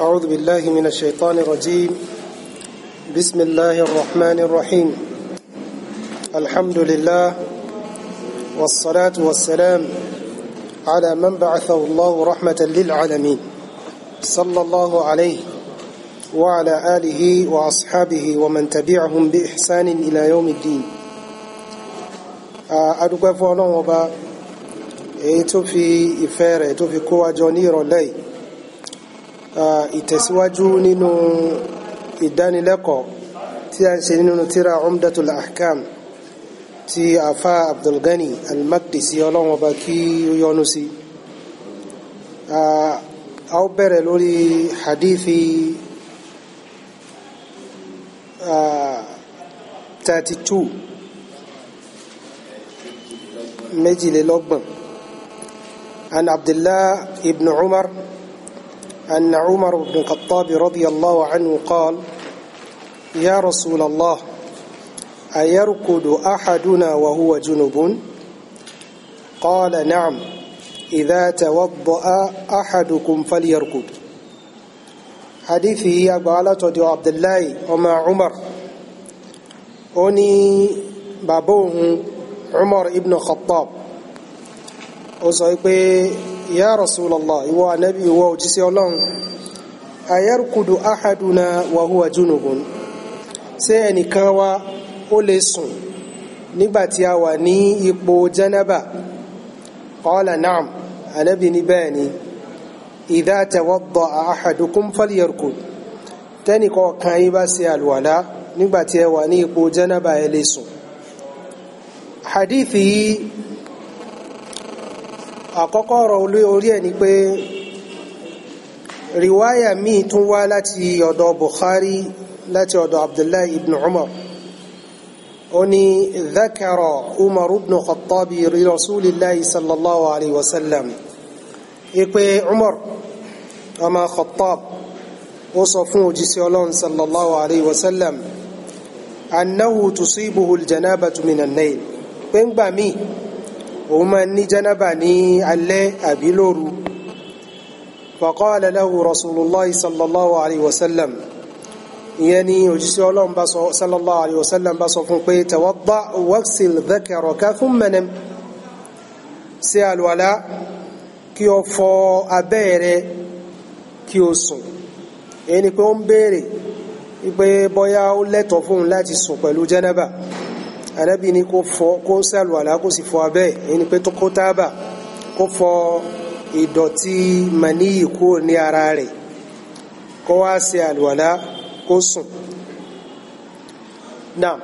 أعوذ بالله من الشيطان الرجيم بسم الله الرحمن الرحيم الحمد لله والصلاة والسلام على من بعثه الله رحمة للعالمين صلى الله عليه وعلى آله وأصحابه ومن تبعهم بإحسان إلى يوم الدين أدوك فعلا وبا èyí tó fi ìfẹ́ rẹ̀ tó fi ìtẹ̀síwájú nínú ìdánilẹ́kọ̀ọ́ tí a ń ṣe nínú tíra umdatul ahkam ti afa abdulgani almakdisi ọlọ́run ọba kí ó yọ́nú sí a ó bẹ̀rẹ̀ lórí hadithi thirty méjìlélọ́gbọ̀n an abdullah ibn umar أن عمر بن الخطاب رضي الله عنه قال يا رسول الله أيركض أحدنا وهو جنب قال نعم إذا توضأ أحدكم فليركض حديثه أبالة عبد الله وما عمر أني بابوه عمر ابن الخطاب ó sọ pé ya rasulallah ìwọ anabi ìwọ òjíṣẹ́ ọlọ́run ayárkudu ahaduna wa huwa junubun ṣé ẹnìkan wa ó lè sùn nígbàtí a wà ní ipò janaba qala na'am anabi ní bẹ́ẹ̀ ni idha tawadda'a ahadukum falyarkud tẹ́nìkan kan yí bá ṣe àlùwàlá nígbàtí ẹ wà ní ipò janaba ẹ lè sùn àkọ́kọ́ ọ̀rọ̀ olórí ẹ̀ ni pé riwaya míì tún wá láti ọ̀dọ̀ Bukhari láti ọ̀dọ̀ Abdullahi ibn Umar ó ní dhakara Umar ibn Khattabi rasulillahi sallallahu alayhi wa sallam ipe Umar ọmọ Khattab ó sọ fún òjíṣẹ́ Ọlọ́run sallallahu alayhi wa annahu tusibuhu aljanabatu minan nail pé ń gbà míì òun máa ní jánábà ní alẹ́ àbí lóru faqala lahu rasulullahi sallallahu alayhi wa sallam ìyẹn ni òjíṣẹ́ ọlọ́run bá sọ sallallahu alayhi wa sallam bá sọ fún pé tawadda waghsil dhakaraka thumma nam ṣe àlùwàlá kí o fọ abẹ́ rẹ anábì ní kó fọ kó sàlùwàlá kó sì fọ abẹ́ ẹni pé tó kó tábà kó fọ ìdọ̀tí màníyì kúrò ní ara rẹ̀ kó wá ṣe àlùwàlá kó sùn náà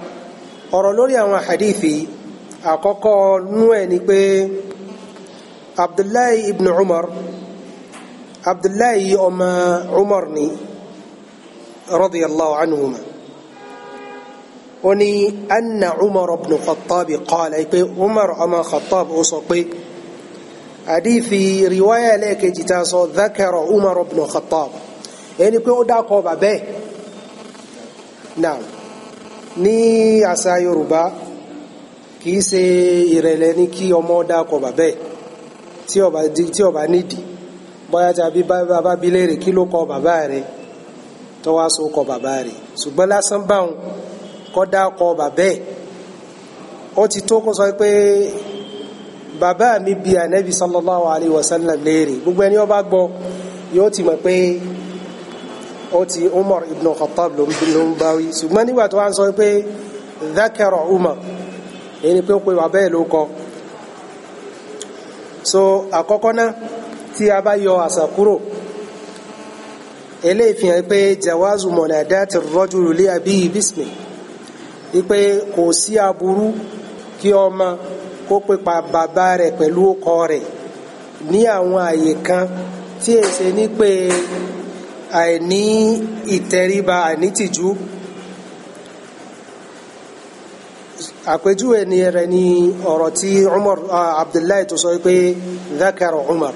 ọ̀rọ̀ lórí àwọn hadithi àkọ́kọ́ nú ni pé abdullahi ibn umar abdullahi ọmọ umar ni radiyallahu anhuma oni anna umar ibn khattab qala pé umar ọmọ khattab ó sọ pé hadithi riwaya lẹ́ẹ̀kejì ta sọ dhakara umar ibn khattab ẹni pé ó dákọ̀ bàbẹ́ náà ní àṣà yorùbá kìí ṣe ìrẹ̀lẹ̀ ní kí ọmọ dákọ̀ bàbẹ́ tí ó bá nídìí bóyá tàbí bàbá bi léèrè kí ló kọ bàbá rẹ̀ tó sọ kọ bàbá rẹ̀ ṣùgbọ́n lásán báwọn kọ́ dákọ bàbẹ́ ó ti tó kó sọ pé bàbá mi bi ànábì sallallahu alayhi wa sallam léèrè gbogbo ẹni ó bá gbọ́ yóò ti mọ̀ pé ó ti Umar ibn Khattab ló ń bá wí ṣùgbọ́n nígbà tó wá ń sọ pé dhakara Umar èyí pé ó pe bàbá ẹ̀ ló kọ so àkọ́kọ́ náà tí a bá yọ àṣà kúrò eléyìí fi hàn pé jawazu mọ̀nàdá ti rọ́jú lé abíyí bísmì ipe kò sí aburú kí ọmọ kó pípa bàbá rẹ̀ pẹ̀lú ọkọ rẹ̀ ní àwọn àyè kan tí èsè ní pé àìní ìtẹríba àìnítìjú àpèjúwe ni rẹ̀ ni ọ̀rọ̀ tí Umar Abdullahi tó sọ pé zakar Umar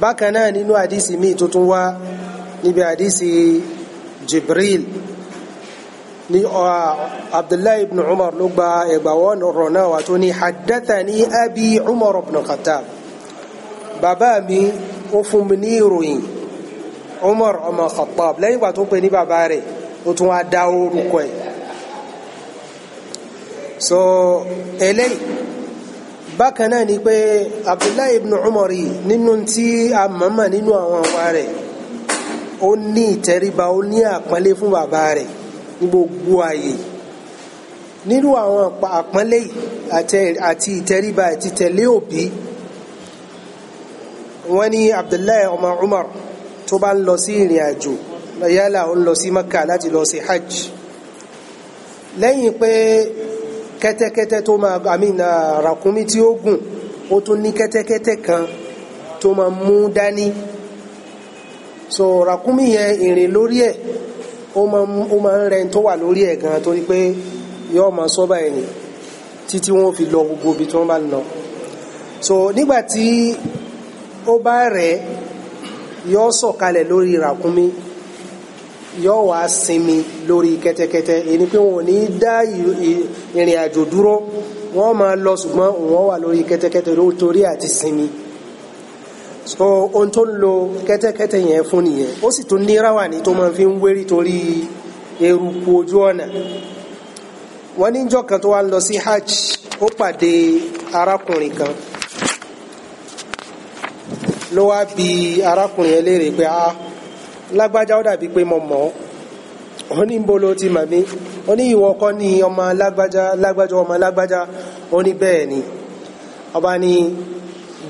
bákan náà nínú àdísì míì tó tún wá níbi àdísì Jibril ni uh, abdullahi ibn umar ló gba ẹgbàwọ́ ọ̀rọ̀ náà wà tó ní haddathani abi umar ibn khattab bàbá mi ó fún mi ní ìròyìn umar ọmọ khattab lẹ́yìn ìgbà tó pe ní bàbá rẹ̀ ó tún wá dá orúkọ ẹ̀ so eléyìí bákan náà ni pé abdullahi ibn umar yìí nínú tí a mọ̀ọ́mọ̀ nínú àwọn àwa rẹ̀ ó ní ìtẹríba ó ní àpọ́nlé fún bàbá rẹ̀ ní gbogbo ààyè nínú àwọn àpọ́nlé àti ìtẹríba àti tẹ̀lé òbí wọ́n ní Abdullahi ọmọ Umar tó bá ń lọ sí ìrìn àjò yálà ó ń lọ sí Maka láti lọ sí hajj lẹ́yìn pé kẹ́tẹ́kẹ́tẹ́ tó máa àmìnà uh, ràkúnmí tí ó gùn ó tún ní kẹ́tẹ́kẹ́tẹ́ kan tó máa mú dání so ràkúnmí yẹn ìrìn lórí ẹ̀ ó máa ń rẹni tó wà lórí ẹ̀ gan torí pé yóò máa sọ́bà ẹ̀yìn títí wọ́n fi lọ gbogbo ibi tí wọ́n bá lọ so nígbàtí ó bá rẹ̀ yóò sọ̀kalẹ̀ lórí ràkúnmí yóò wá sinmi lórí kẹ́tẹ́kẹ́tẹ́ èyí pé wọn ò ní dá ìrìn àjò dúró wọ́n máa lọ ṣùgbọ́n wọ́n wà lórí kẹ́tẹ́kẹ́tẹ́ lórí torí àti sinmi. so ohun tó ń lo kẹ́tẹ́kẹ́tẹ́ yẹn fún nìyẹn ó sì tún ní ráwàní tó máa fi ń wérí torí eruku ojú ọ̀nà wọ́n ní jọ́ kan tó wá ń lọ sí hajj ó pàdé arákùnrin kan ló wá bi arákùnrin yẹn léèrè pé a ah, lágbájá ó dàbí pé mo mọ̀ ọ́ ó ní bolo ti ma ó ní ìwọ kọ́ ni ọmọ lágbájá lágbájá ọmọ lágbájá ó ní bẹ́ẹ̀ ni ọba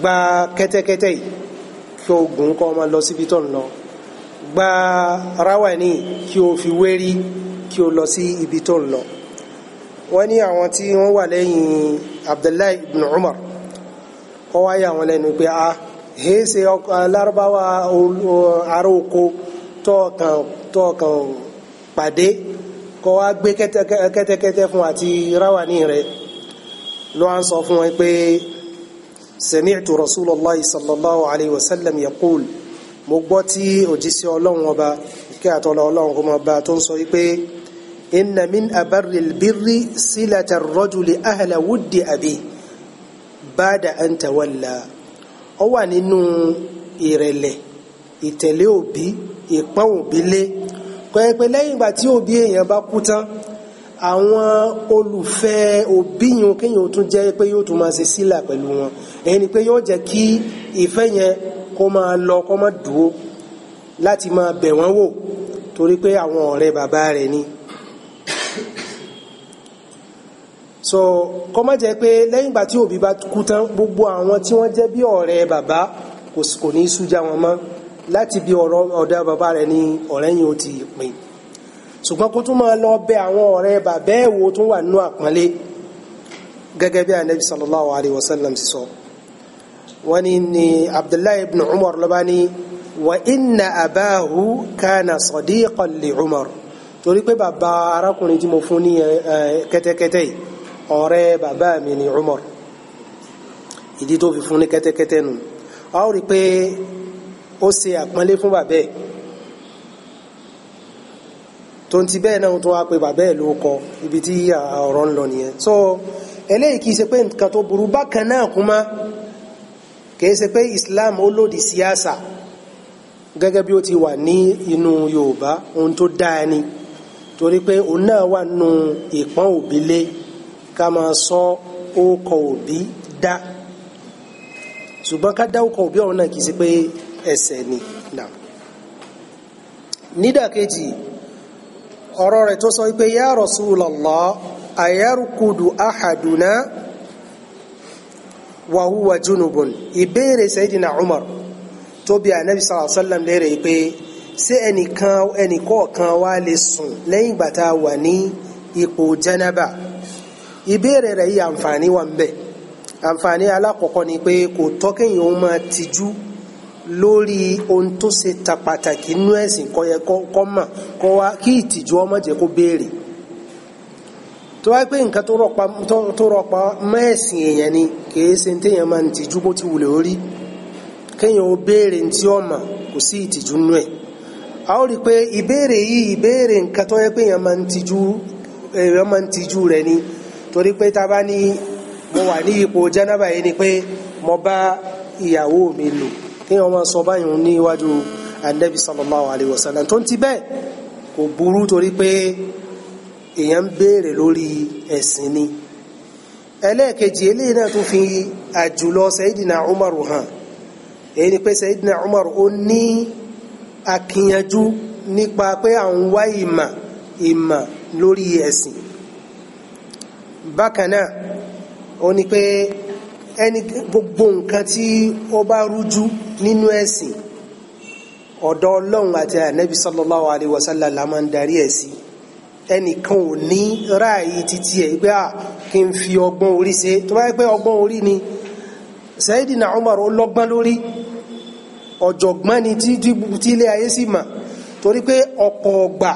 gba kẹ́tẹ́kẹ́tẹ́ yìí kí o gùn kọ́ ọmọ lọ síbi tó ń lọ gba ráwàní kí o fi wérí kí o lọ sí ibi tó ń lọ wọ́n ní àwọn tí wọ́n wà lẹ́yìn Abdullahi ibn Umar ó wáyé àwọn lẹ́nu pé a ah, hèése alárúbáwá ará oko tọ́ọ̀kan tọ́ọ̀kan pàdé kọ́ wá gbé kẹ́tẹ́kẹ́tẹ́ fún àti ráwàní rẹ̀ ló sọ fún wọn pé sami'tu rasulallahi sallallahu alayhi wa sallam yaqul mo gbọ́ tí òjíṣẹ́ ọlọ́run ọba ìkẹ́ àtọ́lọ́ ọlọ́run kó máa bá tó ń sọ wípé inna min abarri albirri silata rajuli ahla wuddi abi bada an tawalla ó wà nínú ìrẹ̀lẹ̀ ìtẹ̀lé òbí ìpọ́n òbí lé kọ́ lẹ́yìn ìgbà tí òbí èèyàn bá kú tán àwọn olùfẹ́ òbíyàn kéèyàn tún jẹ́ pé yóò tún máa ṣe sílà pẹ̀lú wọn èyí ni pé yóò jẹ́ kí ìfẹ́ yẹn kó máa lọ kó máa dúró láti máa bẹ̀ wọ́n wò torí pé àwọn ọ̀rẹ́ bàbá rẹ̀ ni so kó má jẹ́ pé lẹ́yìn ìgbà tí òbí bá kú tán gbogbo àwọn tí wọ́n jẹ́ bí ọ̀rẹ́ bàbá kò ní í sújá wọn mọ́ láti bí ọ̀rọ̀ bàbá rẹ̀ ni ọ̀rẹ́ yìí ó ti pín ṣùgbọ́n kó tún máa lọ bẹ àwọn ọ̀rẹ́ bàbá ẹ̀ wo tún wà nínú àpọ́nlé gẹ́gẹ́ bí anabi sallallahu alayhi wa sallam sọ wọ́n ní ní abdullahi ibn umar ló bá ní wa inna abahu kana sadiqan li umar torí pé bàbá arákùnrin tí mo fún ní kẹ́tẹ́kẹ́tẹ́ yìí ọ̀rẹ́ bàbá mi ni umar ìdí tó fi fún ní kẹ́tẹ́kẹ́tẹ́ nù a rí pé ó ṣe àpọ́nlé fún bàbá tó ń ti bẹ́ẹ̀ náà tó wá pé bàbá ẹ̀ ló kọ ibi tí ọ̀rọ̀ ń lọ nìyẹn so eléyìí kìí ṣe pé nǹkan tó burú bákan náà kún mọ́ kìí ṣe pé Islam ó lòdì sí àṣà gẹ́gẹ́ bí ó ti wà ní inú Yorùbá ohun tó dáa ni torí pé òun náà wà nù ìpọ́n òbí lé ká máa sọ ó òbí dá ṣùgbọ́n ká dá ó òbí ọ̀hún náà kìí ṣe pé ẹsẹ̀ ni nà nídàkejì ọ̀rọ̀ rẹ̀ tó sọ wípé ya Rasulallah ayárùkúdù ahadùnà wa huwa junubun ìbéèrè Sayyidina Umar tó bi ànábi sallallahu alaihi wasallam léèrè pé ṣé ẹnìkan ẹnìkọ̀ọ̀kan wá lè sùn lẹ́yìn ìgbà tá a wà ní ipò janaba ìbéèrè rẹ̀ yìí àǹfààní wà ń bẹ àǹfààní alákọ̀ọ́kọ́ ni pé kò tọ́ ó máa tijú. lórí ohun tó ṣe ta pàtàkì nínú ẹ̀sìn kò yẹ kó wá kí ìtìjú ọmọ kó béèrè tó wáyé pé nǹkan tó rọpa mẹ́ẹ̀sìn èèyàn ni kìí ṣe téèyàn máa ń ti orí kéèyàn ó béèrè tí ó kò sí ìtìjú a ó rí pé ìbéèrè yìí ìbéèrè nǹkan tó yẹ pé èèyàn máa ń tìjú èèyàn ni torí pé bá ní mo wà ní ipò jẹ́nàbà yìí ni pé mo bá ìyàwó mi kí wọ́n máa sọ báyìí ní iwájú anabi sallallahu alayhi wa tó ti bẹ́ẹ̀ kò burú torí pé èèyàn ń béèrè lórí ẹ̀sìn ni ẹlẹ́ẹ̀kejì eléyìí náà tún fi àjùlọ sayidina umar hàn èyí ni pé sayidina umar ó ní akíyanjú nípa pé à ń wá ìmà ìmà lórí ẹ̀sìn bákan náà ó ní pé ẹni gbogbo nǹkan tí ó bá rújú nínú ẹ̀sìn ọ̀dọ̀ ọlọ́run àti ànábì la máa ń darí ẹ̀ sí ẹnìkan ò ní ráàyè títí ẹ̀ pé à kí n fi ọgbọ́n orí ṣe tó bá ọgbọ́n orí ni Sayyidina Umar ó lọ́gbọ́n lórí ọ̀jọ̀gbọ́n ni tí ilé ayé sì mà torí pé ọ̀pọ̀ ọgbà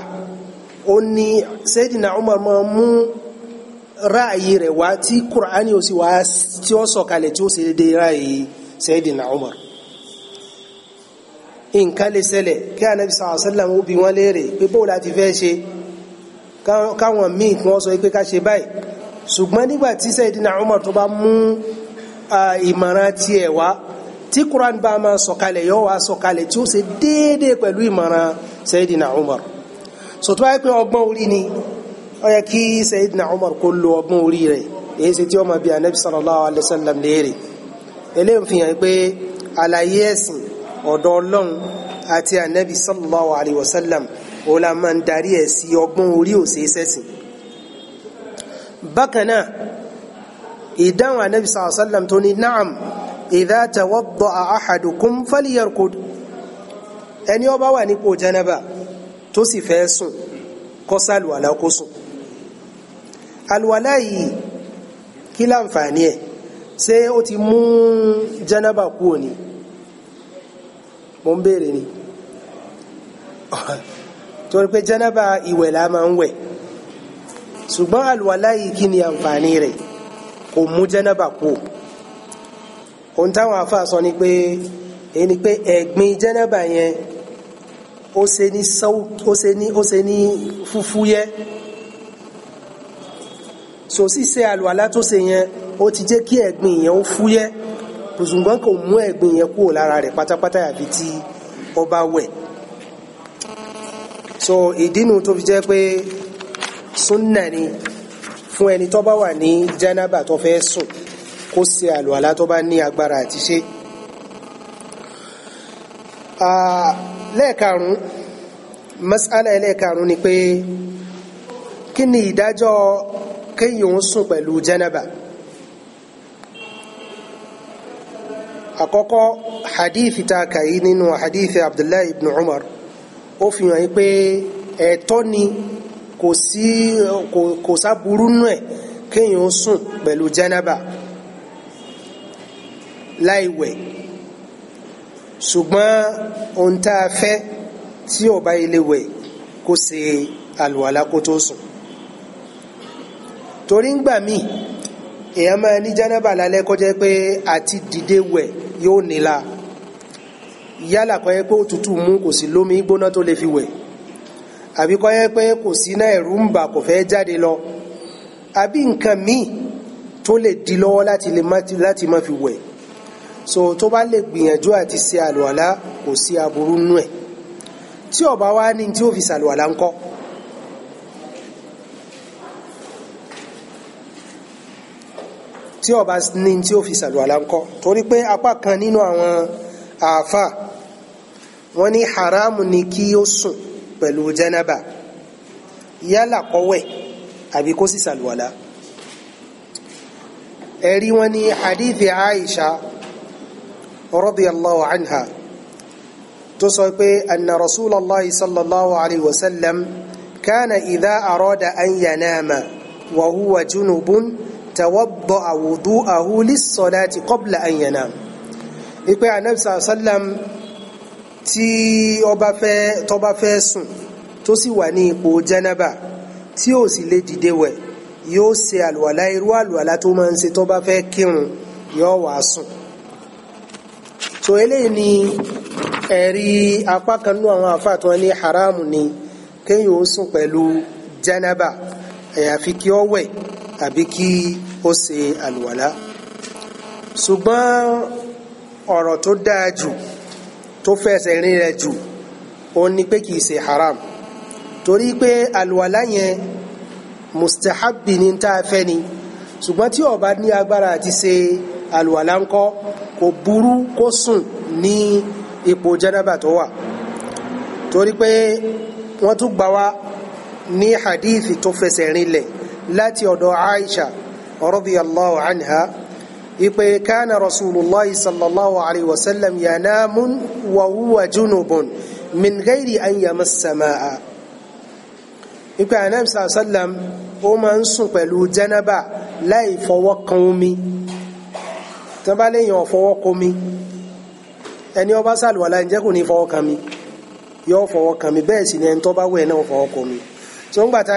ó ní Umar ma mú ráàyè rẹ̀ wá tí kùránì ó sì wá tí ó sọ̀kalẹ̀ tí ó sì dédé ráàyè Sayyidina Umar nǹkan lè ṣẹlẹ̀ kí anabi sallallahu alaihi wasallam ó bi wọ́n léèrè pé bóòlù àti fẹ́ ṣe káwọn míì kí wọ́n sọ pé ká ṣe báyìí ṣùgbọ́n nígbà tí Sayyidina Umar tó bá mú ìmọ̀ràn tiẹ̀ wá tí Qur'an bá máa sọ̀kalẹ̀ yóò wá sọ̀kalẹ̀ tí ó ṣe déédéé pẹ̀lú ìmọ̀ràn Sayyidina Umar sọ̀tọ́ àìpé ọgbọ́n orí ni ó yẹ kí Sayyidina Umar kó lo ọgbọ́n orí rẹ̀ èyí ṣe tí ó máa bi anabi sallallahu alayhi wa sallam léèrè eléyìí fi hàn pé àlàyé ẹ̀sìn ọ̀dọ̀ ọlọ́run àti anabi sallallahu alayhi wa sallam òun la máa ń darí ẹ̀ sí ọgbọ́n orí òṣèṣẹ́sìn bákan náà ìdáhùn anabi sallallahu alayhi wa sallam tó ní naam idha tawadda'a ahadukum falyarkud ẹni ó wà nípò janaba tó sì fẹ́ sùn kó ṣàlùwàlá àlùwàlá yìí kí láǹfààní ẹ̀ ṣé ó ti mú jánábà kúrò ni mo ń béèrè ni torí pé jánábà ìwẹ̀ la máa ń wẹ̀ ṣùgbọ́n àlùwàlá yìí kí ni àǹfààní rẹ̀ kò mú jánábà kúrò ohun táwọn afa sọ ni pé èyí ni pé ẹ̀gbin jánábà yẹn ó ṣe ní fúfúyẹ́ so ṣíṣe àlùwàlá tó ṣe yẹn ó ti jẹ́ kí ẹ̀gbin yẹn ó fúyẹ́ ṣùgbọ́n kò mú ẹ̀gbin yẹn kúrò lára rẹ̀ pátápátá àbí tí ó bá wẹ̀ so ìdínú tó fi jẹ́ pé súnnà ni fún ẹni tó bá wà ní jánábà tó fẹ́ sùn kó ṣe àlùwàlá tó bá ní agbára àti ṣe lẹ́ẹ̀karùn mas'ala ẹlẹ́ẹ̀karùn ni pé kí ni ìdájọ́ kéèyàn ń sùn pẹ̀lú jẹ́nẹ́bà àkọ́kọ́ hadith ta kàyí nínú hadith abdullahi ibn umar ó fi hàn pé ẹ̀tọ́ ni kò sí kò sáburú nù ẹ̀ kéèyàn ń sùn pẹ̀lú jẹ́nẹ́bà láìwẹ̀ ṣùgbọ́n ohun tá a fẹ́ tí ó ilé wẹ̀ kó ṣe àlùwàlá kó tó sùn torí ń gbà míì èèyàn máa ní jánábà lálẹ́ kó jẹ́ pé àti dìde wẹ̀ yóò nílà yálà kó jẹ́ pé òtútù mú kò sí lómi gbóná tó lè fi wẹ̀ àbí kó jẹ́ pé kò sí náà ẹ̀rù ń bà kò fẹ́ jáde lọ àbí nǹkan míì tó lè di lọ́wọ́ láti lè láti má fi wẹ̀ so tó bá lè gbìyànjú àti ṣe àlùwàlá kò sí aburú nú ẹ̀ tí ó bá ní tí ó fi ṣàlùwàlá ńkọ́ tí ó bá ní tí ó fi sàlùwàlá ńkọ́ torí pé apá kan nínú àwọn àáfà wọ́n ní haramu ni kí ó sùn pẹ̀lú janaba yálà kó wẹ̀ àbí kó sì sàlùwàlá ẹ̀rí wọn ni hadithi aisha radiyallahu anha tó sọ pé anna rasulallah sallallahu alayhi wa sallam kana idha arada an yanama wa huwa junubun tawadda'a wudu'ahu lis-salati qabla an yanam ipe anabi sallam tí ọba fẹ́ tọba fẹ́ sùn tó sì wà ní ipò janaba tí ó sì lè dìde wẹ̀ yóò ṣe àlùwàlá irú àlùwàlá tó máa ń ṣe tó bá fẹ́ kírun yóò wá sùn so eléyìí ni ẹ̀rí apá kan nú àwọn àfáà tó ní haramu ni kéèyàn ó sùn pẹ̀lú janaba àyàfi kí ó wẹ̀ àbí kí ó ṣe àlùwàlá ṣùgbọ́n ọ̀rọ̀ tó dáa jù tó fẹsẹ̀ rìn rẹ̀ jù òun ni pé kìí ṣe haram torí pé àlùwàlá yẹn mustahabi ni tá a fẹ́ ni ṣùgbọ́n tí ó ní agbára àti ṣe àlùwàlá ńkọ́ kò burú kó sùn ní ipò jẹ́nàbà tó wà torí pé wọ́n tún gbà ní hadith tó fẹsẹ̀ rinlẹ̀ láti ọ̀dọ̀ Aisha radiyallahu anha ipe kana rasulullah sallallahu alayhi wa sallam yanamun wa huwa junubun min ghairi an yamassa ma'a ipe anam sallam ó máa ń sùn pẹ̀lú janaba láì fọwọ́ kan omi tí wọ́n bá léèyàn fọwọ́ kan omi ẹni ó bá sàlùwàlá ǹjẹ́ kò ní fọwọ́ kan mi yóò fọwọ́ mi bẹ́ẹ̀ sì ni ẹni tó bá náà fọwọ́ kan mi tí wọ́n gbàtà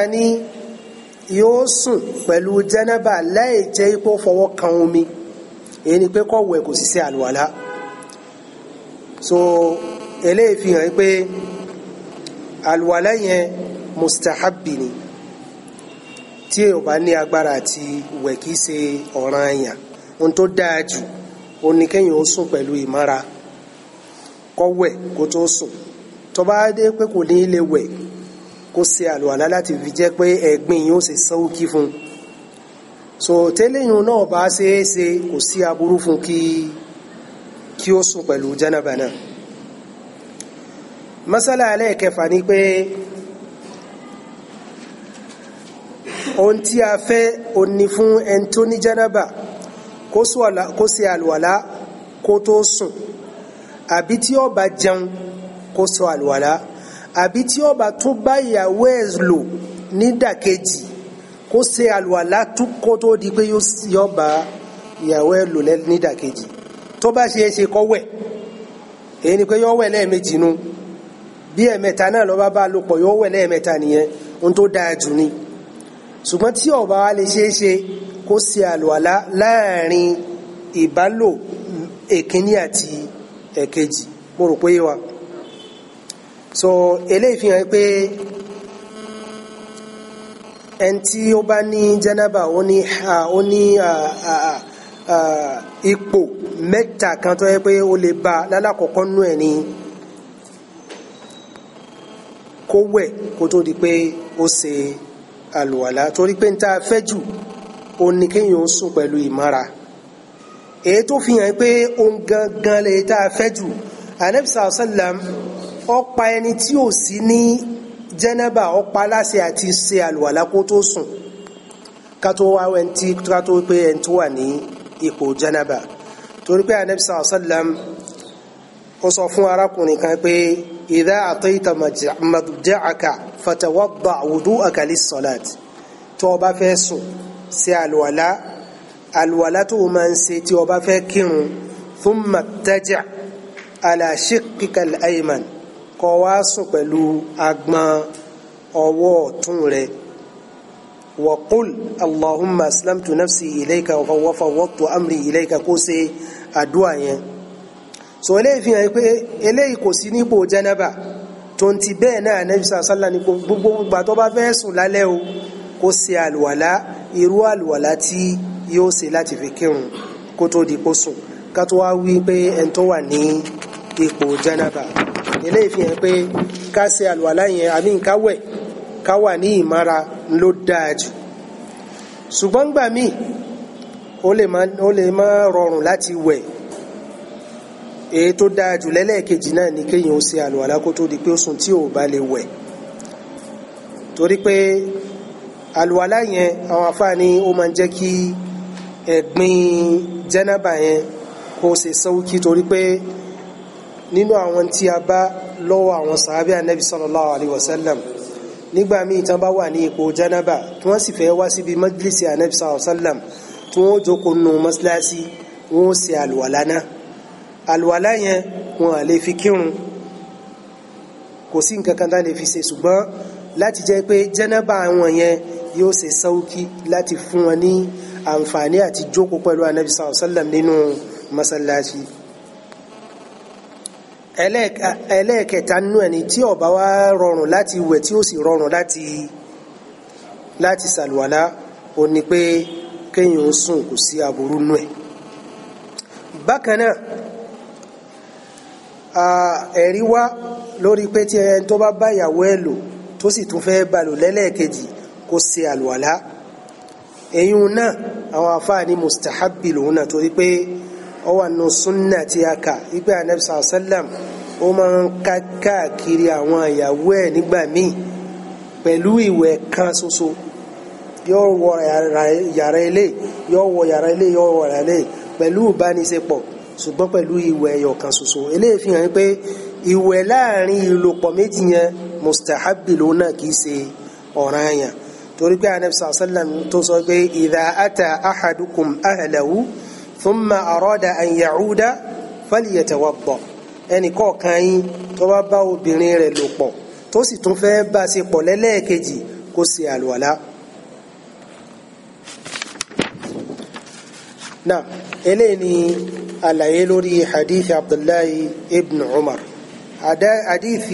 yóò sùn pẹ̀lú jẹ́nẹ́bà láì jẹ́ ipò fọwọ́ kan omi èyí ni pé kọ́ kò sì ṣe àlùwàlá so eléyìí fi hàn pé àlùwàlá yẹn mustahabi ni tí èèyàn bá ní agbára àti wẹ̀ kìí ṣe ọ̀ràn àyàn ohun tó dáa jù ó ní kéèyàn ó sùn pẹ̀lú ìmára kó kó tó sùn tó dé pé kò ní í wẹ̀ kó ṣe àlùwàlá láti fi jẹ́ pé ẹ̀gbin yóò ṣe sọ́ọ́kì fún so tẹ́lẹ̀yìn náà bá ṣe é ṣe kò sí aburú fún kí kí ó sùn pẹ̀lú jánábà náà masala ẹlẹ́ẹ̀kẹfà ni pé ohun tí a fẹ́ o ní fún ẹni tó ní jánábà kó ṣe àlùwàlá kó tó sùn àbí tí ó jẹun kó ṣe àlùwàlá àbí tí ó bá tún bá ìyàwó ẹ̀ lò nídàkejì kó ṣe àlùwàlá tún kó tó di pé yóò bá ìyàwó ẹ̀ lò nídàkejì tó bá ṣe é ṣe kó wẹ̀ èyí ni pé yóò wẹ̀ lẹ́ẹ̀mejì nu bí ẹ̀mẹ́ta náà ló bá bá lò pọ̀ yóò wẹ̀ lẹ́ẹ̀mẹ́ta nìyẹn ohun tó dáa jù ni ṣùgbọ́n tí ó bá wa lè ṣe é ṣe kó ṣe àlùwàlá láàrin ìbálò èkíní àti ẹ̀kejì mo rò pé yé wa so eléyìí fi hàn pé ẹni tí ó bá ní jẹ́nàbà ó ní ó ní ipò mẹ́ta kan tó yẹ pé ó lè ba lálàkọ̀ọ́kọ́ nú ẹ̀ ni kó wẹ̀ kó tó di pé ó ṣe àlùwàlá torí pé n ta fẹ́ jù ó ní kéèyàn sùn pẹ̀lú ìmọ́ra èyí tó fi hàn pé ohun gangan lè tá fẹ́ jù anabisa sallam ọpa ẹni tí ò sí ní jẹ́nẹ́bà ọpa láṣẹ àti ṣe àlùwàlá kó tó sùn ká tó wá ẹni tí ká tó pé ẹni tó wà ní ipò jẹ́nẹ́bà torí pé anabi sàlá ó sọ fún arákùnrin kan pé idha atayta madja'aka fatawadda wudu'aka lis-salat tó o bá fẹ́ sùn ṣe àlùwàlá àlùwàlá tó o máa ń ṣe tí o bá fẹ́ kírun thumma tajà ala shiqqika al kó wá sùn pẹ̀lú agbọn ọwọ́ ọ̀tún rẹ̀ wọ́kùl allahumma aslamtu nafsi ilayka wa fawwadtu amri ilayka kó ṣe àdúrà yẹn so eléyìí fi hàn pé eléyìí kò sí nípò jẹ́nẹ́bà tó ń ti bẹ́ẹ̀ náà Ànábì sàlá ní gbogbo ìgbà tó bá fẹ́ sùn lálẹ́ o kó ṣe àlùwàlá irú àlùwàlá tí yóò ṣe láti fi kírun kó tó di kó sùn ká tó wá wí pé ẹni tó wà ní ipò jẹ́nẹ́bà eléyìí fi hàn pé ká ṣe àlùwàlá yẹn àmì ká wẹ̀ ká wà ní ìmára ló dáa jù ṣùgbọ́n gbà míì ó lè má ó lè má rọrùn láti wẹ̀ èyí tó dáa jù lẹ́lẹ́ẹ̀kejì náà ni kéèyàn ó ṣe àlùwàlá kó tó di pé ó sùn tí ò bá lè wẹ̀ torí pé àlùwàlá yẹn àwọn afáàní ó máa jẹ́ kí ẹ̀gbin jẹ́nàbà yẹn kó ṣe sọ́wọ́kí torí pé nínú àwọn tí a bá lọ́wọ́ àwọn sàábẹ́ anabi sallallahu alayhi wa sallam nígbà míì tán bá wà ní ipò janaba tí wọ́n sì fẹ́ wá síbi majlisi anabi sallallahu alayhi wa sallam tí wọ́n jókòó nù mọ́sálásí wọ́n ṣe àlùwàlá náà àlùwàlá yẹn wọn à lè fi kírun kò sí nǹkan kan tá lè fi ṣe ṣùgbọ́n láti jẹ́ pé janaba wọn yẹn yóò ṣe sáwùkí láti fún wọn ní àǹfààní àti jókòó pẹ̀lú anabi sallallahu nínú mọ́sálásí ẹlẹ́ẹ̀kẹta nínú ẹni tí ó bá wá rọrùn láti wẹ̀ tí ó sì rọrùn láti láti sàlùwàlá ó ní pé kéèyàn ó sùn kò sí aburú nú ẹ̀ bákan náà ẹ̀rí wá lórí pé tí ẹni tó bá bá ìyàwó ẹ̀ lò tó sì tún fẹ́ bá lẹ́lẹ́ẹ̀kejì kó ṣe àlùwàlá èyí náà àwọn afáà mustahabi lòun náà torí pé ó wà nù súnà tí a kà wípé anabi sàlám ó máa ń ká káàkiri àwọn ìyàwó ẹ̀ nígbà míì pẹ̀lú ìwẹ̀ kan ṣoṣo yóò wọ yàrá ilé yóò wọ yàrá ilé yóò wọ yàrá ilé pẹ̀lú ìbánisepọ̀ ṣùgbọ́n pẹ̀lú ìwẹ̀ ẹ̀yọ̀ kan ṣoṣo eléyìí fi hàn pé ìwẹ̀ láàrin ìlòpọ̀ méjì yẹn mustahabi ló náà kìí ṣe ọ̀ranyàn torí pé anabi sàlám tó sọ pé ìdá ata ahadukum ahlahu. ثم أراد أن ya'uda falyatawadda ẹnì kọ̀ọ̀kan yín tó bá bá obìnrin rẹ̀ lò pọ̀ tó sì tún fẹ́ bá ṣe pọ̀ lẹ́lẹ́ẹ̀kejì kó ṣe àlùwàlá. náà eléyìí ni àlàyé lórí hadith abdullahi ibn umar hadith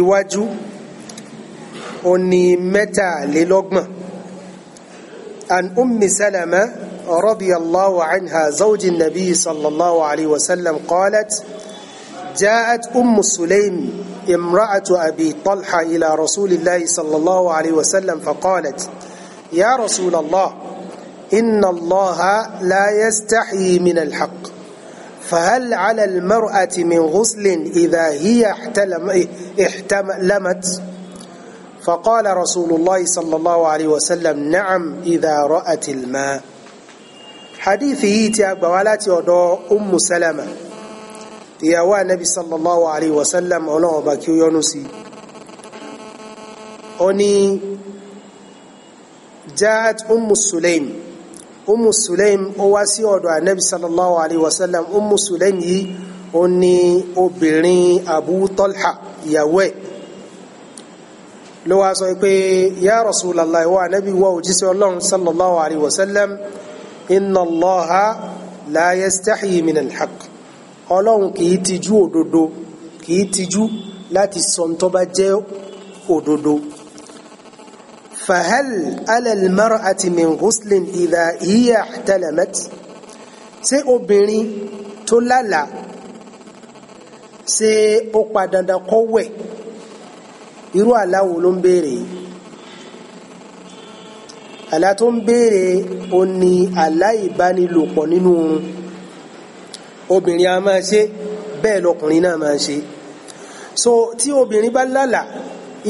iwájú ó mẹ́tàlélọ́gbọ̀n. عن أم سلمة رضي الله عنها زوج النبي صلى الله عليه وسلم قالت جاءت أم سليم امرأة أبي طلحة إلى رسول الله صلى الله عليه وسلم فقالت يا رسول الله إن الله لا يستحي من الحق فهل على المرأة من غسل إذا هي احتلمت فقال رسول الله صلى الله عليه وسلم نعم إذا رأت الماء حديثه تأبوالات يدو أم سلمة يا النبي صلى الله عليه وسلم أولو باكيو يونسي أني جاءت أم سليم أم سليم أواسي أدو النبي صلى الله عليه وسلم أم السليم أني أبني أبو طلحة يا وي ló wá sọ pé ya Rasulullah ìwọ ànábì wọ òjíṣẹ́ ọlọ́run sallallahu alayhi wa sallam inna Allaha la yastahi min al-haq ọlọ́run kì í tijú òdodo kì í tijú láti sọ tó bá jẹ́ òdodo. fahal ala marati min ghuslin idha hiya ihtalamat ṣé obìnrin tó lálàá ṣé ó pa dandan kó irú àlá wo ló ń béèrè àlá tó ń béèrè ó ní àlá ìbánilòpọ̀ nínú oorun obìnrin a máa ṣe bẹ́ẹ̀ lọkùnrin náà máa ṣe so tí obìnrin bá lálà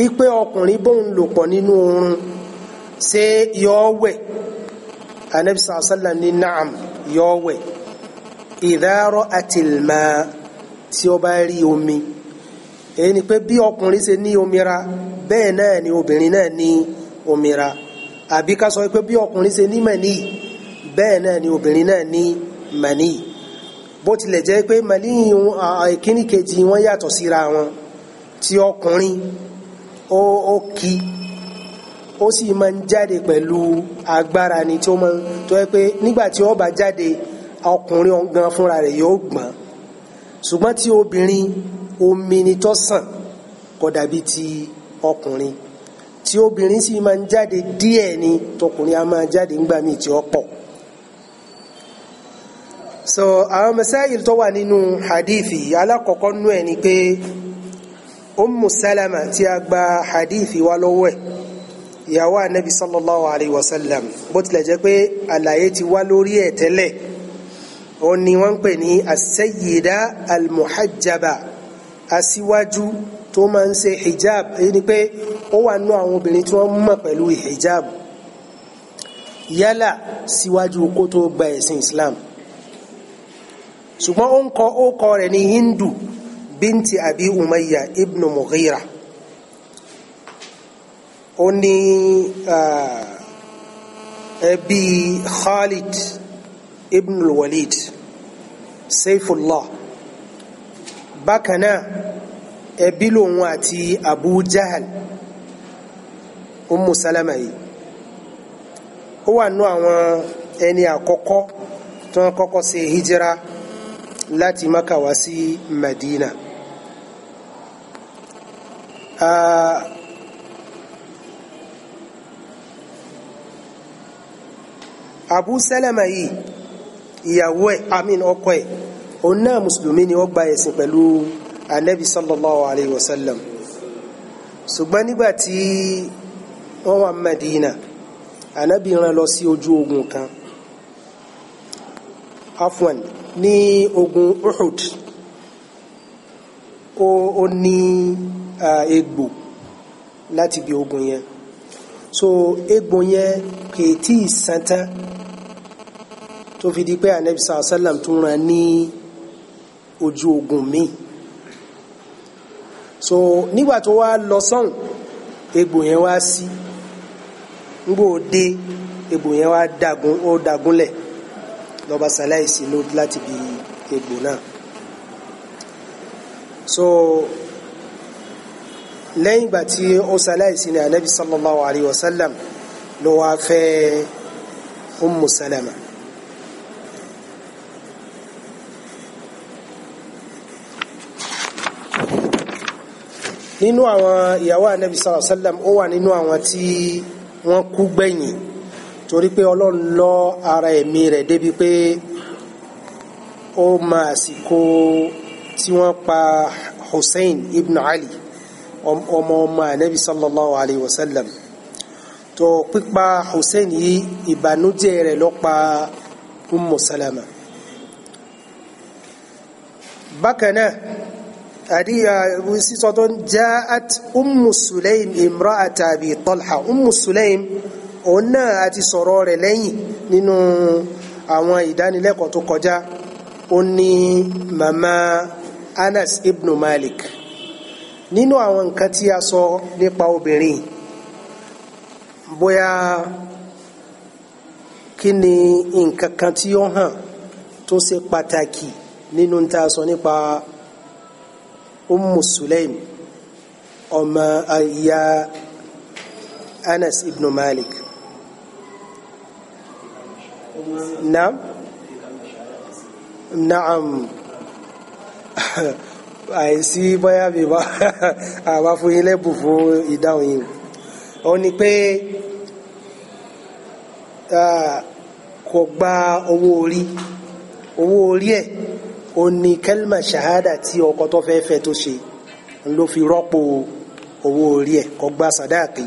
ipe ọkùnrin bóun lòpọ̀ nínú oorun ṣé yọ wẹ̀ anabi sàlá ní naam yọ wẹ̀ ìdárọ̀ àtìlmá tí ó bá rí omi èyí ni pé bí ọkùnrin ṣe ní omira bẹ́ẹ̀ náà ni obìnrin náà ní omira àbí ká sọ pé bí ọkùnrin ṣe ní mani bẹ́ẹ̀ náà ni obìnrin náà ní mani bó tilẹ̀ jẹ́ pé mani ìkíní kejì wọn yàtọ̀ síra wọn tí ọkùnrin ó ó kí ó sì máa ń jáde pẹ̀lú agbára ni tí ó máa ń tó yẹ pé nígbà tí ó bá jáde ọkùnrin gan fúnra rẹ̀ yóò gbọ̀n ṣùgbọ́n tí obìnrin omi ni tó sàn kò dàbí ti ọkùnrin tí obìnrin sì máa ń jáde díẹ̀ ni tọkùnrin a máa jáde ńgbà míì tí ó so àwọn masáyìí tó wà nínú hadithi alákọ̀ọ́kọ́ nú ẹ̀ ni pé ummu salama tí a gba hadithi wa lọ́wọ́ ẹ̀ ìyàwó anabi sallallahu alayhi wa sallam bó tilẹ̀ jẹ́ pé àlàyé ti wá lórí ẹ̀ tẹ́lẹ̀ òun ni pè ní asayida almuhajjaba aṣíwájú tó máa ń ṣe hijab èyí ni pé ó wà nú àwọn obìnrin tí wọ́n mọ̀ pẹ̀lú hijab yálà síwájú kó tó gba ẹ̀sìn Islam ṣùgbọ́n ó ń kọ ó kọ rẹ̀ ní Hindu binti Abi Umayya ibn Mughira ó ní ẹbí Khalid ibn Walid Saifullah bákan náà ẹbí lòun àti Abu Jahal Ummu Salama yìí ó wà nú àwọn ẹni àkọ́kọ́ tó ń kọ́kọ́ hijira láti Maka wá sí Madina uh, Abu Salama yìí ìyàwó amin ọkọ ẹ̀. òun náà mùsùlùmí ni ó gba ẹ̀sìn pẹ̀lú anabi sallallahu alayhi wa sallam ṣùgbọ́n nígbà tí wọ́n wà Madina anabi rán lọ sí ojú ogun kan afwan ní ogun Uhud ó ní egbò láti bí ogun yẹn so egbò yẹn kìí tí ì sàn tán tó fi di pé anabi sallallahu alayhi wa sallam tún rán ní ojú ogun míì so nígbà tó wá lọ sọ́hùn egbò yẹn wá sí ngbò dé egbò yẹn wá dagun ó dagunlẹ̀ lọ́ba sàláìsì ló láti bi egbò náà so lẹ́yìn ìgbà tí ó sàláìsì ní anabi sallallahu alayhi wa sallam ló wá fẹ́ Ummu Salama. nínú àwọn ìyàwó anabi sallallahu alayhi wa sallam ó wà nínú àwọn tí wọ́n kú gbẹ̀yìn torí pé ọlọ́run lọ ara ẹ̀mí rẹ̀ débi pé ó ma àsìkò tí wọ́n pa Hussein ibn Ali ọmọ ọmọ anabi sallallahu alayhi wa sallam tó pípa Hussein yìí ìbànújẹ́ rẹ̀ ló pa Ummu Salama bákan náà àdíyà sísọ tó ń ja'at ummu sulaim imra'at abi talha ummu sulaim òun náà àti sọ̀rọ̀ rẹ̀ lẹ́yìn nínú àwọn ìdánilẹ́kọ̀ọ́ tó kọjá ó ní mama anas ibn malik nínú àwọn nǹkan tí a sọ nípa obìnrin bóyá kí ni nǹkan kan tí ó hàn tó ṣe pàtàkì nínú tá a sọ nípa ummu sulaim ọmọ ìyá anas ibn malik naam naam àìsí bóyá mi bá àbá fún yín lẹ́bù fún ìdáhùn yìí ó ní pé kò gba owó orí owó orí ẹ̀ ó ní kẹ́lìmà ṣahada tí ọkọ tó fẹ́ fẹ́ tó ṣe ló fi rọ́pò owó orí ẹ̀ kó gba sàdáàkì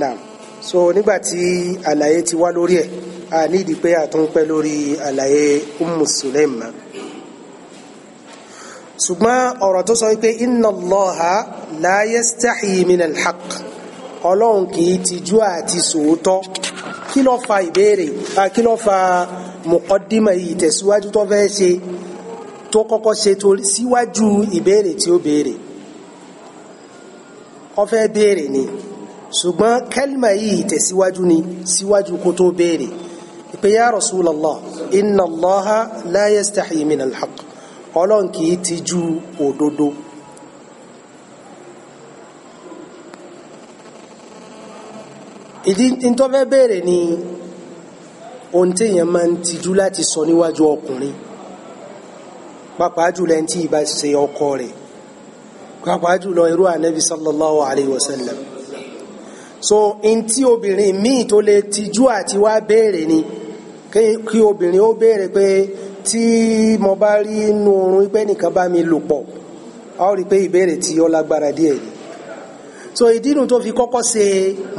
naam so nígbàtí àlàyé ti wá lórí ẹ̀ a nídìí pé àtúnpẹ́ lórí àlàyé Ummu Sulaima ṣùgbọ́n ọ̀rọ̀ tó sọ wípé inna Allaha la yastahi minal haqq ọlọ́run kìí tijú àti sòótọ́ kí ló fa ìbéèrè kí ló fa mọ̀kọ́dímà yìí tẹ̀síwájú tó fẹ́ ṣe tó kọ́kọ́ ṣe tó síwájú ìbéèrè tí ó béèrè ó fẹ́ béèrè ni ṣùgbọ́n kẹ́lìmà yìí tẹ̀síwájú ni síwájú kó tó béèrè pé ya Rasulallah inna Allaha la yastahi haq ọlọ́run kì í tijú òdodo. ìdí tó béèrè ni ohun tí èèyàn máa ń tijú láti sọ níwájú ọkùnrin pàápàá jùlọ ẹni tí ìbá ṣe ọkọ rẹ̀ pàápàá jùlọ irú ànábi sallallahu alayhi wa sallam so in tí obìnrin míì tó lè tijú àti wá béèrè ni kí obìnrin ó béèrè pé tí mo bá rí inú oorun pé nìkan bá mi lò pọ̀ a ó rí pé ìbéèrè tí ó lágbára díẹ̀ ni so ìdí inú tó fi kọ́kọ́ ṣe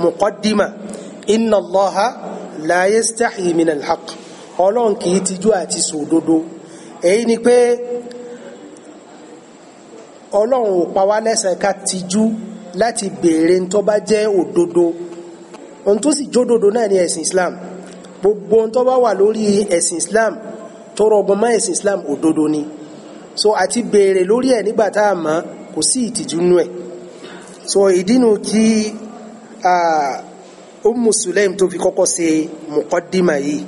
muqaddima inna allaha la yastahi min al-haq ọlọ́run kì í tijú àti sòdodo èyí ni pé ọlọ́run ò pa wá lẹ́sẹ̀ ká tijú láti béèrè tó bá jẹ́ òdodo ohun tó sì jódodo náà ni ẹ̀sìn Islam gbogbo tó bá wà lórí ẹ̀sìn Islam tó rọgbọn mọ́ ẹ̀sìn Islam òdodo ni so àti béèrè lórí ẹ̀ nígbà tá a mọ̀ kò sí ìtìjú nú ẹ̀ so ìdínú kí. Uh, Ummu Sulaim tó fi kọ́kọ́ ṣe muqaddima yìí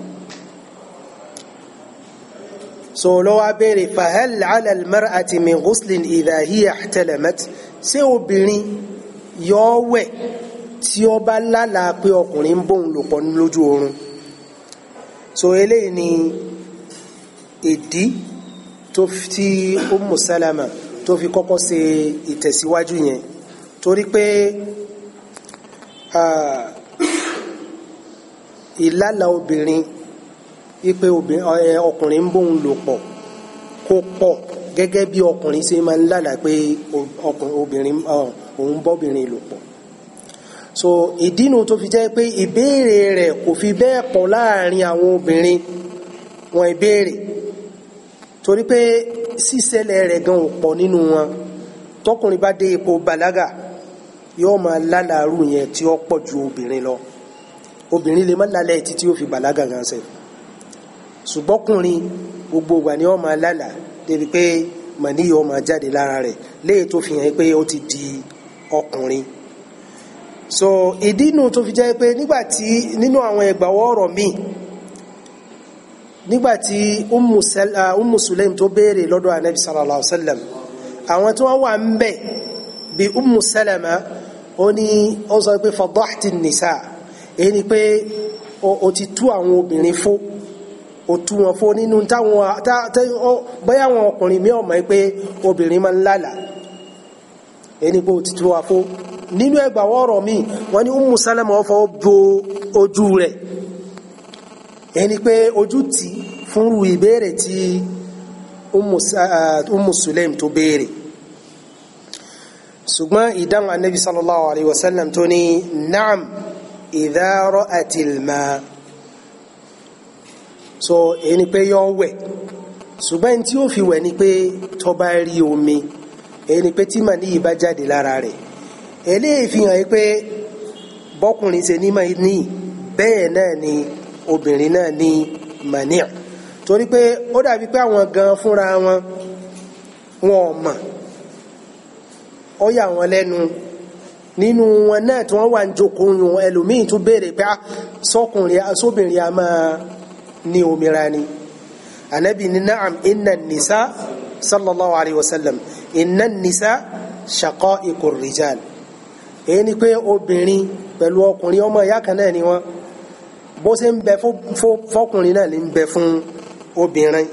so lọ́wọ́ abéèrè fahal ala almar'ati min ghuslin idha hiya ihtalamat ṣé obìnrin yóò wẹ̀ tí ó bá lálàá pé ọkùnrin ń bóun lò pọ̀ lójú oorun so eléyìí ni ìdí tó ti Ummu Salama tó fi kọ́kọ́ ṣe ìtẹ̀síwájú yẹn torí pé. Uh, ìlàlà obìnrin ipe ọkùnrin ń bóun lò pọ̀ kó pọ̀ gẹ́gẹ́ bí ọkùnrin ṣe máa ń lálà pé obìnrin òun bọ́bìnrin lò pọ̀ so ìdínú tó fi jẹ́ pé ìbéèrè rẹ̀ kò fi bẹ́ẹ̀ pọ̀ láàrin àwọn obìnrin wọn ìbéèrè torí pé sísẹlẹ̀ rẹ̀ gan ò pọ̀ nínú wọn tọkùnrin bá dé ipò bàlágà yóò máa lálàárù yẹn tí ó pọ̀ ju obìnrin lọ obìnrin lè má lálẹ́ títí ó fi bàlágà gan ṣe ṣùgbọ́kùnrin gbogbo ìgbà ni ó máa lálàá débi pé màní yóò máa jáde lára rẹ̀ léè tó fi hàn pé ó ti di ọkùnrin so ìdínú tó fi jẹ́ pé nígbàtí nínú àwọn ẹgbàwọ́ ọ̀rọ̀ míì nígbàtí Ummu ah, Sulaim tó béèrè lọ́dọ̀ anabi sallallahu alaihi wasallam àwọn tí wọ́n wà ń bẹ̀ bí Ummu ó ní ó sọ pé fadahti nisa' èyí ni pé o ti tú àwọn obìnrin fó o tú wọn fó nínú táwọn bóyá àwọn ọkùnrin mi ò mọ̀ pé obìnrin máa ń lálàá èyí ni pé o ti tú wa fó nínú ẹgbà ọ̀rọ̀ mi wọ́n ní Ummu Salama bo ojú rẹ̀ èyí ni pé ojú tì fúnrú ìbéèrè tí Ummu tó béèrè ṣùgbọ́n ìdáhùn anabi sallallahu alayhi wa sallam tó ní naam idha ra'atil ma so ẹni pé yọ wẹ̀ ṣùgbọ́n tí ó fi wẹ̀ ni pé tó bá rí omi ẹni pé tí màní yìí bá jáde lára rẹ̀ eléyìí fi yí pé bọ́kùnrin ṣe ní màá ní bẹ́ẹ̀ náà ni obìnrin náà ní màníà torí pé ó dàbí pé àwọn gan fúnra wọn wọn mọ̀ ó yà wọn lẹ́nu nínú wọn náà tí wọ́n wà ń jókòó yùn ẹlòmíì tún béèrè pé ah, sọkùnrin ah, sóbìnrin a máa ní omira ni anabi ni na'am inna nisa sallallahu alayhi wa sallam inna nisa shaqa'iqur rijal èyí ni pé obìnrin pẹ̀lú ọkùnrin ọmọ ìyá kan náà ni wọ́n bó ṣe ń bẹ fọkùnrin náà ni ń bẹ fún obìnrin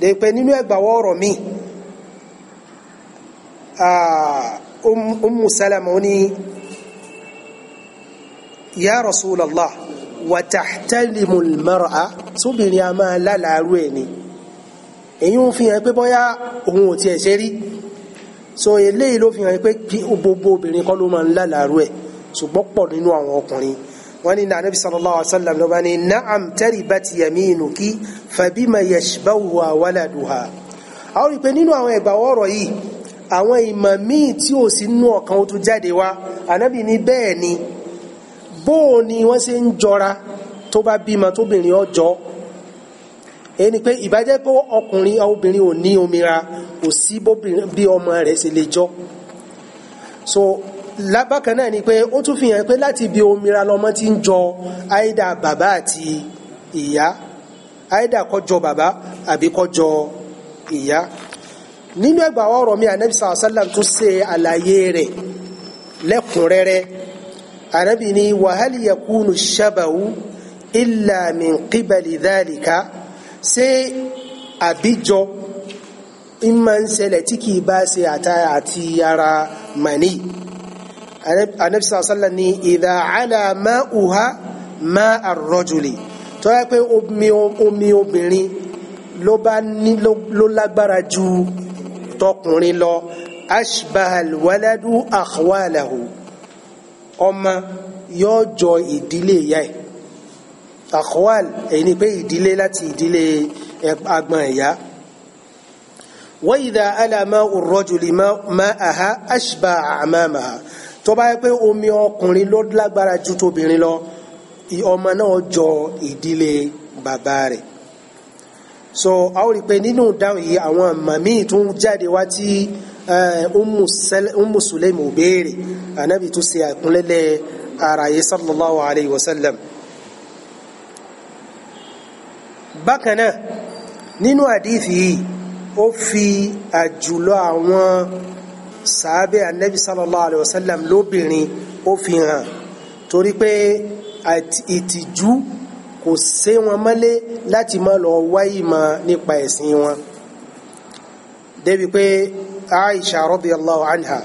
de nínú ẹgbàwọ́ ọ̀rọ̀ mi. Ah, أم سلمة يا رسول الله وتحتلم المرأة سبحان يا ما لا لعرويني èyí fi hàn pé bọ́yá òun ò tiẹ̀ ṣe rí so eléyìí ló fi hàn pé gbogbo obìnrin kọ́ ló máa ń lálàárú ẹ̀ ṣùgbọ́n pọ̀ nínú àwọn ọkùnrin wọ́n ní nàá níbi sallallahu alaihi wasallam ló bá ní na'am taribat yaminuki fabima yashbahuha waladuha àwọn rí i pé nínú àwọn ẹ̀gbà ọ̀rọ̀ yìí àwọn ìmọ̀ míì tí ò sí nú ọkàn ó tún jáde wá ànábì ní bẹ́ẹ̀ ni bóò ni wọ́n ṣe ń jọra tó bá bímọ tóbìnrin ọjọ́ ẹni pé ìbájẹ́ pé ọkùnrin obìnrin ò ní omira kò sí bí ọmọ rẹ̀ ṣe lè jọ so lábákan náà ni pé ó tún fi hàn pé láti bí omira lọmọ ti ń jọ àìdá bàbá àti ìyá àìdá kó bàbá àbí kó jọ ìyá nínú ẹgbà ọ̀rọ̀ mi ànábì sàásálàm tún ṣe àlàyé rẹ̀ lẹ́kùnrẹ́rẹ́ ànábì ni wàhálì yakunu ṣàbàwù illa min qibali dhalika ṣé àbíjọ ń máa ń ṣẹlẹ̀ tí kìí bá ṣe àtàyà àti ara mani ànábì sàásálàm ni ìdá àlà máa uha máa àrọ́jùlì tó yẹ pé omi obìnrin ló bá ní ló lágbára ju tọkùnrin lọ ashbahal waladu akhwalahu ọmọ yóò jọ ìdílé ìyá ẹ̀ akhwal èyí ni pé ìdílé láti ìdílé agbọn ìyá wa idha ala ma'u rajuli ma'aha ashbaha amamaha tó bá yẹ pé omi ọkùnrin ló lágbára ju tóbìnrin lọ ọmọ náà jọ ìdílé bàbá rẹ̀ so a ó rí i pé nínú dáhùn yìí àwọn àmà míì tún jáde wá tí eh, Ummu Sulaym ò béèrè ànábì tún ṣe àkúnlẹ̀lẹ̀ ara yìí sallallahu alayhi wa sallam. bákan náà nínú àdífì yìí ó fi àjùlọ àwọn sàábẹ́ ànábì sallallahu alayhi wa sallam lóbìnrin ó fi hàn torí pé ìtìjú. At, kò sé wọn mọ́lé láti má lọ wá ìmọ̀ nípa ẹ̀sìn wọn débi pé Aisha radiyallahu anha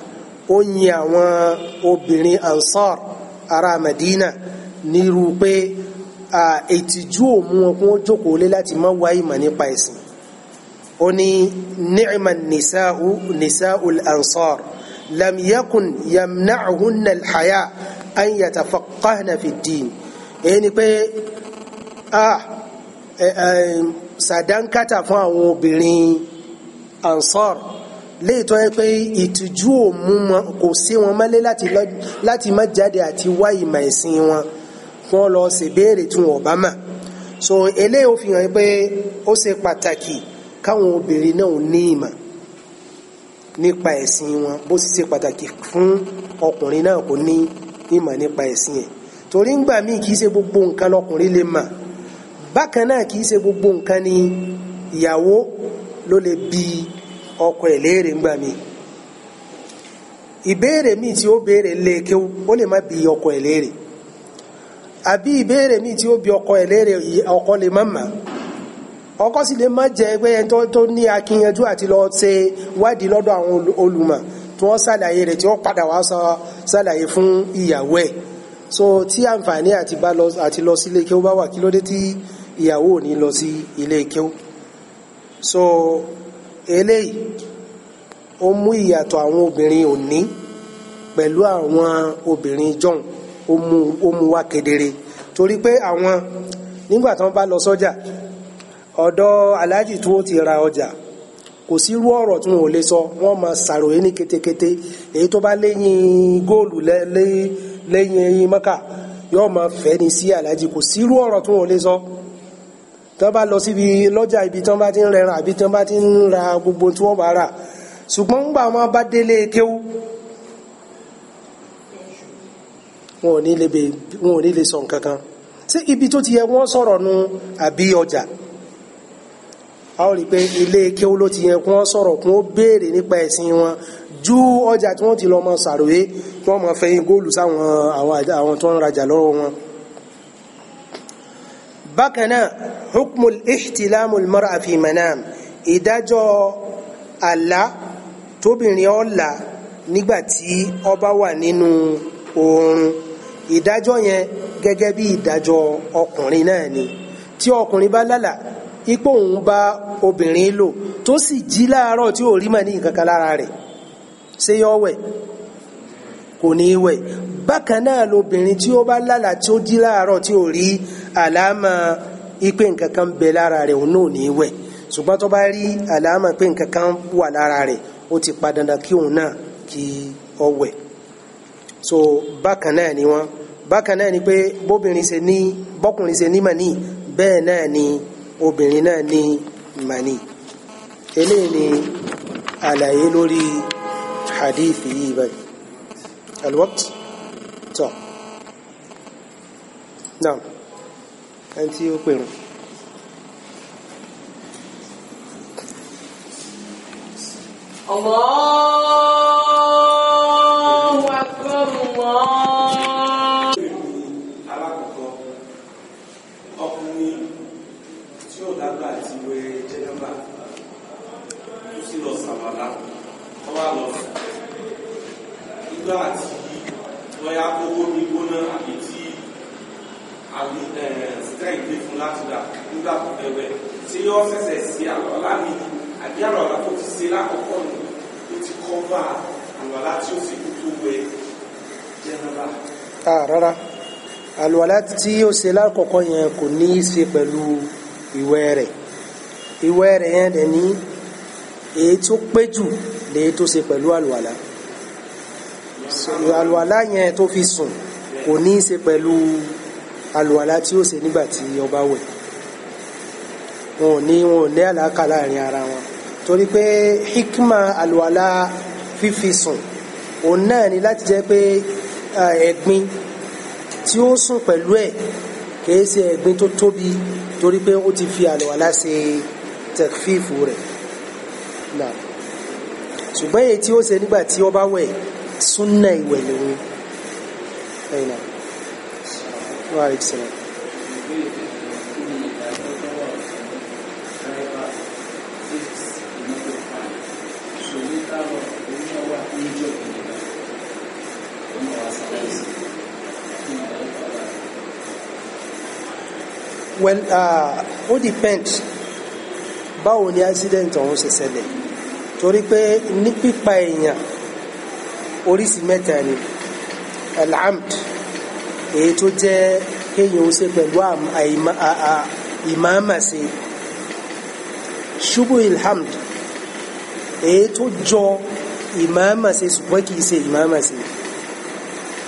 ó yin àwọn obìnrin ansar ará Madina nírú pé ètìjú òmu wọn kún ó jókòó lé láti má wá ìmọ̀ nípa ẹ̀sìn ó ní ni'ma nisa'u nisa'u ansar lam yakun yamna'uhunna an yatafaqqahna fi ad èyí ni pé Ah, eh, eh, sàdánkátà fún àwọn obìnrin ansar léètọ́ yẹ pé ìtìjú kò sí wọn mọ́lé láti má jáde àti wá ìmọ̀ ẹ̀sìn wọn wọn lọ ṣèbéèrè tí wọn bá mà so eléyìí ó fi hàn pé ó ṣe pàtàkì káwọn obìnrin náà ní ìmọ̀ nípa ẹ̀sìn wọn bó sì ṣe pàtàkì fún ọkùnrin náà kò ní ìmọ̀ nípa ẹ̀sìn ẹ̀ torí ńgbà míì kìí ṣe gbogbo nǹkan lọkùnrin lè mà bákan náà kìí ṣe gbogbo nǹkan ni ìyàwó ló lè bi ọkọ ẹ̀ léèrè ńgbà mi ìbéèrè míì tí ó béèrè lè ó lè má bi ọkọ ẹ̀ léèrè àbí ìbéèrè míì tí ó bi ọkọ ẹ̀ léèrè ọkọ lè má mà ọkọ sì lè má jẹ ẹgbẹ́ yẹn tó ní akíyanjú àti lọ ṣe wádìí lọ́dọ̀ àwọn olùmọ̀ tí wọ́n ṣàlàyé rẹ̀ tí wọ́n padà wá sọ ṣàlàyé fún ìyàwó ẹ̀ so tí àǹfààní àti lọ sílé kí ó bá wà kí ló dé tí ìyàwó ò ní lọ sí ilé kéw so eléyìí o mú ìyàtọ̀ àwọn obìnrin òní pẹ̀lú àwọn obìnrin john ó mú ó mú wá kedere torí pé àwọn nígbà tí wọ́n bá lọ sọ́jà ọ̀dọ̀ aláàjì tí wọ́n ti ra ọjà kò sí irú ọ̀rọ̀ tí wọn ò lè sọ wọ́n máa ṣàròyé ní ketekete èyí tó bá lẹ́yìn góòlù lẹ́yìn ẹyin mọ́kà yóò máa fẹ́ ni sí aláàjì kò sí irú ọ̀rọ̀ tí wọn ò lè sọ. So tó bá lọ síbi lọ́jà ibi tó bá ti ń rẹran àbí tó bá ti ń ra gbogbo tí wọ́n bá rà ṣùgbọ́n ńgbà wọn bá délé kéwú wọn ò ní lè bè wọn ò ní lè sọ nǹkan kan ṣé ibi tó ti yẹ wọ́n sọ̀rọ̀ nu àbí ọjà a ó rí i pé ilé kéwú ló ti yẹ kí wọ́n sọ̀rọ̀ kí wọ́n béèrè nípa ẹ̀sìn wọn ju ọjà tí wọ́n ti lọ mọ sàròyé kí wọ́n mọ fẹ̀yìn góòlù sáwọn àwọn àwọn tó ń rajà lọ́wọ́ wọn bákan náà hukmul ihtilamu almar'a fi manam ìdájọ́ àlá tóbìnrin ọ̀la nígbàtí ó bá wà nínú oorun ìdájọ́ yẹn gẹ́gẹ́ bí ìdájọ́ ọkùnrin náà ni tí ọkùnrin bá lálà ipò òun bá obìnrin lò tó sì jí láàárọ̀ tí ò rí mà ní nǹkan kan lára rẹ̀ ṣé yọ wẹ̀ kò ní wẹ̀ bákan náà lobìnrin tí ó bá lálà tí ó jí láàárọ̀ tí ò rí àlámà ipe nǹkan kan bẹ lára rẹ̀ òun náà ní wẹ̀ ṣùgbọ́n tó bá rí àlámà pé nǹkan wà lára rẹ̀ ó ti pa dandan kí òun náà kí ọ wẹ̀ so bákan náà ni wọ́n bákan náà ni pé bóbìnrin ṣe ní bọ́kùnrin ṣe ní màní bẹ́ẹ̀ náà ni obìnrin náà ní màní eléyìí ni àlàyé lórí hadith yìí báyìí alwaqt tó náà ẹni tí ó pèrún. Allah. àfẹwẹ tí yóò ṣẹ̀ṣẹ̀ sí àlọ́lá mi àbí àlọ́lá tó ti ṣe lákòókò nù o ti kọ́ bá àlọ́lá tí ó fi kú tó wẹ jẹnaba. a rárá àlọ́lá tí ó ṣe lákòókò yẹn kò ní í ṣe pẹ̀lú ìwẹ̀ rẹ̀ ìwẹ̀ rẹ̀ yẹn dẹ̀ ní èyí tó pé jù lè tó ṣe pẹ̀lú àlùwàlá àlùwàlá yẹn tó fi sùn kò ní í ṣe pẹ̀lú àlùwàlá tí ó ṣe nígbà tí ó wẹ̀ wọn ò ní wọn ò ní àlàkà láàrin ara wọn torí pé hikma alwala fífi sùn òun náà ni láti jẹ́ pé ẹ̀gbin tí ó sùn pẹ̀lú ẹ̀ kìí ṣe ẹ̀gbin tó tóbi torí pé ó ti fi àlùwàlá ṣe tẹ̀fífù rẹ̀ náà ṣùgbọ́n èyí tí ó ṣe nígbà tí ó wẹ̀ súnà ìwẹ̀ lòun ẹ̀yìn náà wà á rí ṣẹlẹ̀. well uh, ó uh, depend báwo ni accident ọ̀hún ṣe ṣẹlẹ̀ torí pé ní pípa èèyàn oríṣi mẹ́ta ni alhamd èyí tó jẹ́ kéèyàn ó ṣe pẹ̀lú àìmáàmàṣe ṣubú ilhamd èyí tó jọ ìmáàmàṣe ṣùgbọ́n kìí ṣe ìmáàmàṣe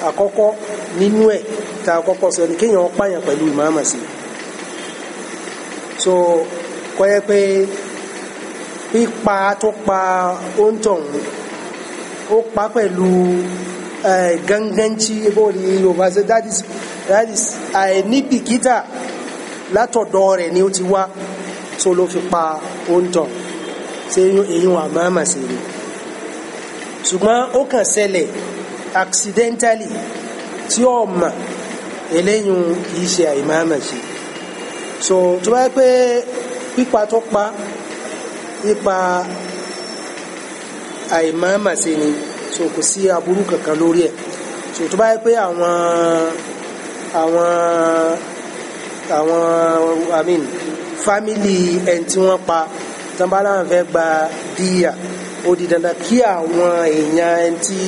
àkọ́kọ́ nínú ẹ̀ tá a kọ́kọ́ sọ ni kéèyàn pààyàn pẹ̀lú ìmáàmà sí so kọ́ yẹ pé pípa tó pa oúntọ̀hún ó pa pẹ̀lú ganganci bó ni yorùbá ṣe that is that is àìníbìkítà látọ̀dọ̀ rẹ̀ ni ó ti wá tó ló fi pa oúntọ̀hún ṣé èyí wọn àmọ́ sí ni ṣùgbọ́n ó kàn ṣẹlẹ̀ accidentally tí ó mà eléyìn kìí ṣe àìmáàmà ṣe so tó bá yẹ pé pípa tó pa nípa àìmáàmà ṣe ni so kò sí aburú kankan lórí ẹ̀ so tó bá yẹ pé àwọn àwọn àwọn i mean family ẹni tí wọ́n pa tán bá láwọn fẹ́ gba díyà ó di dandan kí àwọn èèyàn ẹni tí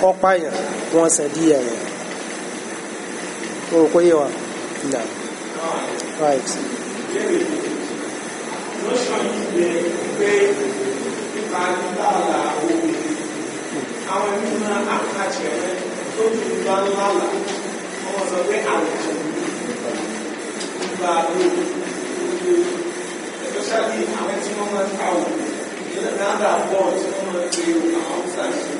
kọ́ pààyàn wọ́n san díyà yẹn o kò yé wa nà right. Àwọn ẹni máa ń àkàtì ẹ̀rẹ́ tó ti bá ńlá là, ọmọ sọ pé àlùkò gba lóru lóru especially àwọn tí wọ́n máa ń ta òkú ìlànà àdàpọ̀ tí wọ́n máa ń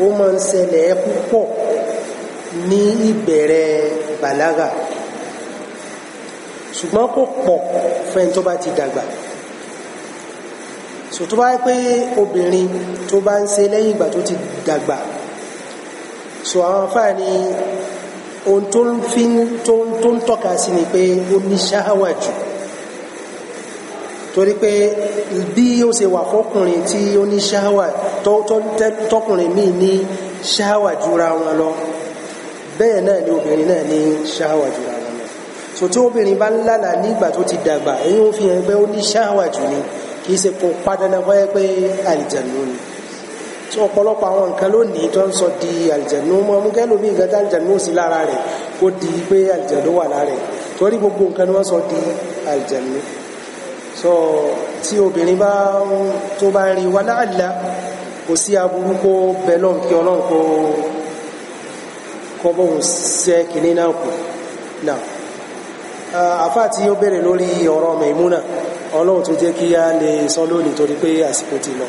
ó máa ń ṣẹlẹ̀ púpọ̀ ní ìbẹ̀rẹ̀ bàlágà ṣùgbọ́n kò pọ̀ fẹ́ni tó bá ti dàgbà so tó bá yẹ pé obìnrin tó bá ń ṣe lẹ́yìn ìgbà tó ti dàgbà so àwọn afáàní ohun tó ń tọ́ka sí ni pé ó ní ṣáháwà jù torí pé bí ó ṣe wà fọkùnrin tí ó ní ṣáwà tọkùnrin míì ní ṣáwà jura wọn lọ bẹ́ẹ̀ náà ni obìnrin náà ní ṣáwà jura wọn lọ so tí obìnrin bá ń lálà nígbà tó ti dàgbà èyí ó fi hàn pé ó ní ṣáwà jù ni kì í ṣe kó padànà báyẹ pé àlìjànú ni tí ọ̀pọ̀lọpọ̀ àwọn nǹkan lónìí tó ń sọ di àlìjànú mọ́ mú kẹ́lòmí nǹkan tí àlìjànú sí lára rẹ̀ kó di pé àlìjànú wà lára rẹ̀ torí gbogbo nǹkan ni wọ́n sọ di àlìjànú so tí obìnrin bá tó bá rí wa láàlá kò sí aburú kó bẹ lọ́n kí ọlọ́run kó kọ́ bóun ṣe kìnní náà kù náà àfá tí ó bẹ̀rẹ̀ lórí ọ̀rọ̀ Maimuna ọlọ́run tó jẹ́ kí a lè sọ lónìí torí pé àsìkò ti lọ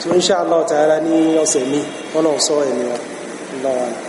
tó insha Allah ta'ala ní ọ̀sẹ̀ mi ọlọ́run sọ ẹ̀mí wa lọ́wọ́